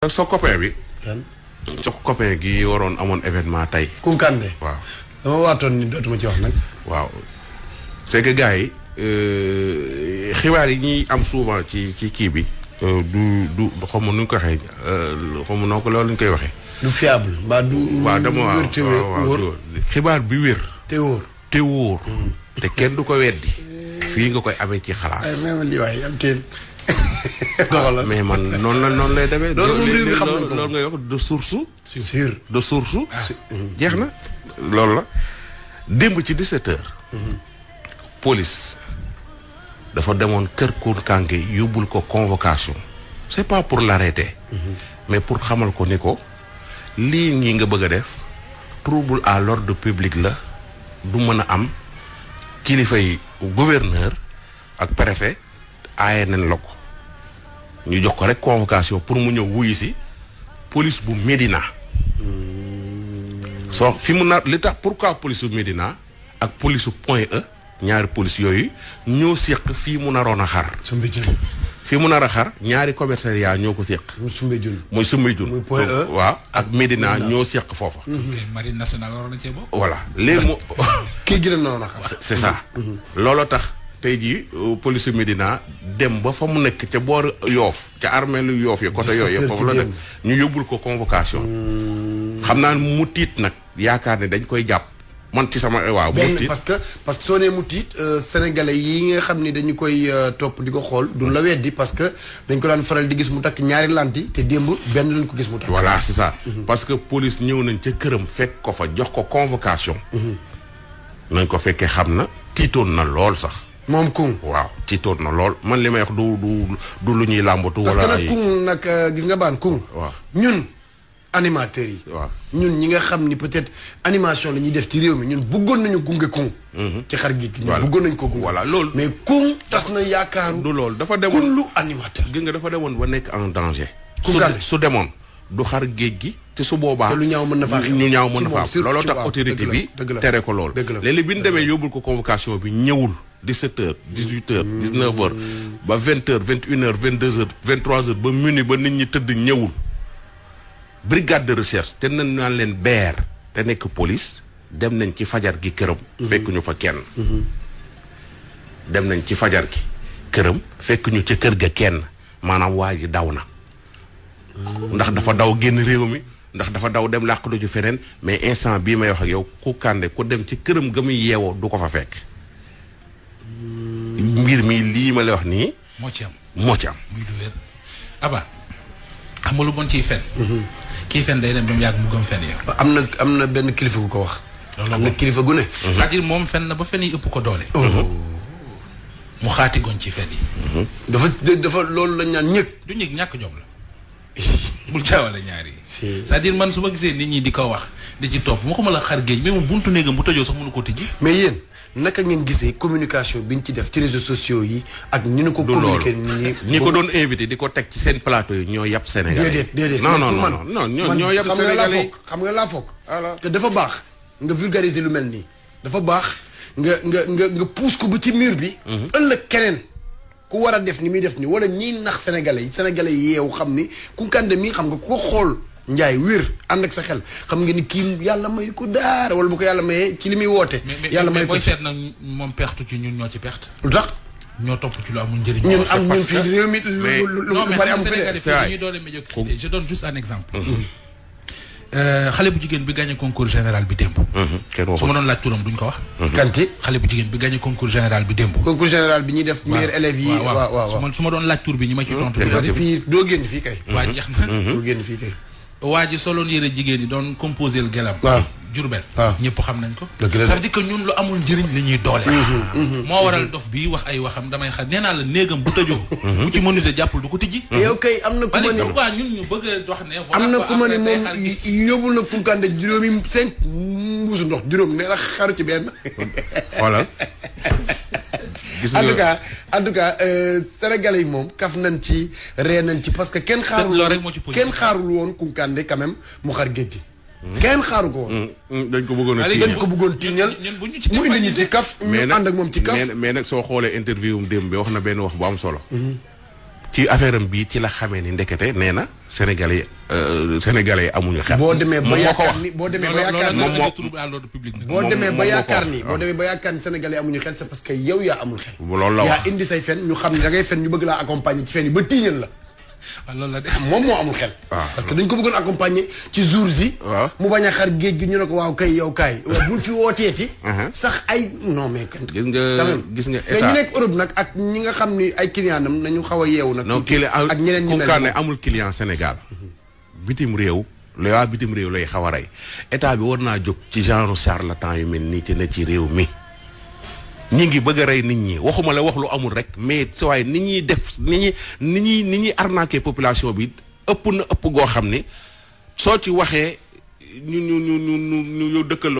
ak sa copain bi. kan sa gi waroon amoon événement tey. Kunkande waaw. dama waatoon ni dootuma ci wax nag. waaw c'est que gars yi euh, xibaar yi ñuy am souvent ci ci kii bi. Euh, du du xaw ma nu ñu ko waxee euh, xaw ma noo ko loolu ñu koy waxee. du fiable mbaa du. waaw dama waaw xibaar bi wér. te wóor te mm. kenn du ko weddi. fii nga koy amee ci xalaas. Ah, mais man noonu la noonu lay demee. loolu loolu ngay wax de source. sûr ah. jeex na loolu la. démb ci 17h. Mhm. police dafa demoon kër Kour Kanké yóbbul ko convocation. c'est pas pour l'arrêter. Mhm. mais pour xamal ko ni ko lii ngi nga bëgg a def trouble à l'ordre public la du mën a am kilifa yi. gouverneur ak préfet aaye nañ la ko ñu jox ko rek convocation pour mu ñëw wuyu si police bu Médina hmm. soo fi mu na li tax pourquoi police bu Médina ak police bu Point E ñaari police yooyu ñoo séq fii mu naroon a xar fi mu nar a xar ñaari commissariat ñoo ko séq. muy Soumbédioune muy Soumbédioune. muy Point E waaw ak Médina ñoo séq foofa. Mm-hmm. marine nationale waroon na cee voilà léegi mu. kii gi la noonu xar. c'est mm-hmm. Mm-hmm. looloo tax tey jii euh, police Médina dem ba fa mu nekk ca boor yoof ca armeelu yoof yi côté yooyu foofu la ñu yóbbul ko convocation. Mm. xam naa mu tiit nag yaakaar ne dañ koy jàpp. man ci sama eh, waaw. mutit parce que parce que soo nee mutit euh, sénégalais yi nga xam ni dañu koy euh, topp di ko xool duñ la weddi parce que dañ ko daan faral di gis mu takk ñaari lanti te démb benn lañ ko gis mu takk. voilà c'est saa mhm. parce que police ñëw nañ ca këram fekk ko fa jox ko convocation. Mhm. nañ ko fekkee xam na tiitoon na lool sax. moom Koungheul waaw tiitoon na lool man li may wax du du du lu ñuy làmbatu. wala parce que nag Koungheul nag euh, gis nga baan Koungheul. waaw ñun. animateur yi. waaw ñun ñi nga xam ni peut-être animation la ñuy def ci réew mi ñun bëggoon nañu gunge kun. Mhm. ci xar gi ñun bëggoon nañu ko gunge. voilà loolu mais kun tas na yaakaaru. du loolu dafa demoon kullu animateur. gis nga dafa demoon ba nekk en danger. ku gàll su demoon du xar géej gi. te su boobaa lu ñaaw mën na faa ñu ñaaw looloo tax autorité bi tere ko lool. dëgg la léeg-léeg bi ñu demee yóbbul ko convocation bi ñëwul. 17 heures 18 heures 19 mm. heures ba 20 heures 21 heures 22 heures 23 heures ba minuit ba nit ñi tëdd ñëwul brigade de recherche te nañ naa leen beer te nekk police dem nañ ci fajar gi këram. Mhm. fekk ñu fa kenn. Mhm. dem nañ ci fajar gi këram fekk ñu ca kër ga kenn maanaam waa ji daw na. Mhm. ndax dafa daw génn réew mi ndax dafa daw dem làqatu ju feneen mais instant bii may wax ak yow ku kànde ku dem ci këram ga muy yeewoo du ko fa fekk. mbir mi lii ma lay wax nii. moo ci ci am. xam nga lu bon ciy fen mhm. kii fen day dem ba mu yàgg mu gëm fen ya am na am na benn kilifa gu ko wax am na kilifa gu ne cest à moom fen na ba fen yi ëpp ko doole oh. mhm. mu xaati goñ ci fen yi mhm. dafa dafa loolu lañ naan ñëg du ñëg ñàkk jom la bul caawale ñaar yi. cest à man su ma gisee nit ñi di ko wax di ci topp waxuma la xar géej mais moom buntu néegam bu tojoo sax mënu ko tijji. mais yéen naka ngeen gisee communication bi ñu ci def ci réseaux sociaux yi ak ni ñu ko. communiqué ni ñi ko doon invité di ko teg ci seen plateau yi ñoo yab Sénégalais. déedéet déedéet non non non non ñoo yab Sénégalais xam nga laa foog xam nga laa foog. te dafa baax nga vulgariser lu mel nii dafa baax nga nga nga nga pousse ko ba ci mur bi. Mhm. ëllëg keneen ku war a def ni muy def ni wala ñiy nax sénégalais yi sénégalais yi yeewu xam ni Kounkandé mii xam nga koo xool njaay wér ànd ak sa xel xam nga ni kii yàlla may ko daara wala bu ko yàlla mayee ci li muy woote yàlla may ko booy seet nag moom perte ci ñun ñoo ci perte lu tax ñoo topp ci lu amul njëriñ ñun am ñun fii réew mi lu bari am fi de c'est vrai je donne juste un exemple mm-hmm. Euh, xale bu jigéen bi gagné concours général bi démb. Mhm, su ma doon laaj turam duñ ko wax. Mhm. kanti xale bu jigéen bi gagné concours général bi démb. concours général bi ñuy def. meilleur élève yi waaw waaw su ma doon laaj tur bi ñi ma ci mhm. tontu. jërëjëf fii doo génn fii kay. waa jeex na. doo génn fii kay. waa ji soloon yére jigéen yi doon composé gelam. waaw Diourbel ah. ñëpp xam nañ ko ça veut dire que ñun lu amul njëriñ li ñuy doole mm-hmm, mm-hmm. moo waral dof bi wax ay waxam damay xam nee naa la néegam bu tëjoo bu mm-hmm. ci menuisier jàppul du ko tijji yow kay am na ku ma ne waaw ñun ñu bëgg na ku ma ne moom yóbbul na kunkande juróomi cinq mbuusu ndox juróom nee na xaru ci benn voilà en tout cas en tout euh, yi moom kaf nañ ci ree nañ ci parce que kenn xaarul kenn xaarul woon kunkande quand mu xar géej gi kenn xaaru ko woon. Mm, mm, dañ ko bëggoon a tiiñal dañ ko bëggoon tiiñal. mu indi ñu ci kaf. ñu ànd moom ci kaf mais nag soo xoolee interview am démb bi wax na benn wax bu am solo. Mhm. ci affaire am bii ci la xamee ni ndekete nee na sénégalais euh, sénégalais amuñu xel. boo demee ba yaakaar ni boo demee ba yaakaar ni boo demee ba yaakaar ni boo demee ba yaakaar ni sénégalais amuñu xel c'est parce que yow yaa amul xel. yaa indi say fen ñu xam ne da fen ñu bëgg laa accompagner ci fen yi ba tiiñal la waaw la de moom moo amul xel. Ah, parce que dañ ko bëggoon accompagner ci jours yi. Ah. mu bañ a xar géej gi ñu ne ko waaw kay yow kaay. waaw buñ fi wooteeti. Uh-huh. sax ay non mais. gis nga gis nga état mais ñu nekk Europe nag ak ñi nga xam ni ay client am nañu xaw a yeewu nag. Ah, ak ñeneen ñi mel ne amul client Sénégal. Mm-hmm. bitim réew. la waa bitim réew lay xaw a rey état bi war naa jog ci genre charlatan yu mel nii ci na ci réew mi. ñi ngi bëgg a rey nit ñi waxuma la wax lu amul rek mais sa waaye ni ñuy def ni ñuy ni ñuy ni ñuy arnaqué population bi ëpp na ëpp goo xam ne soo ci waxee ñu ñu ñu ñu ñu yow dëkkal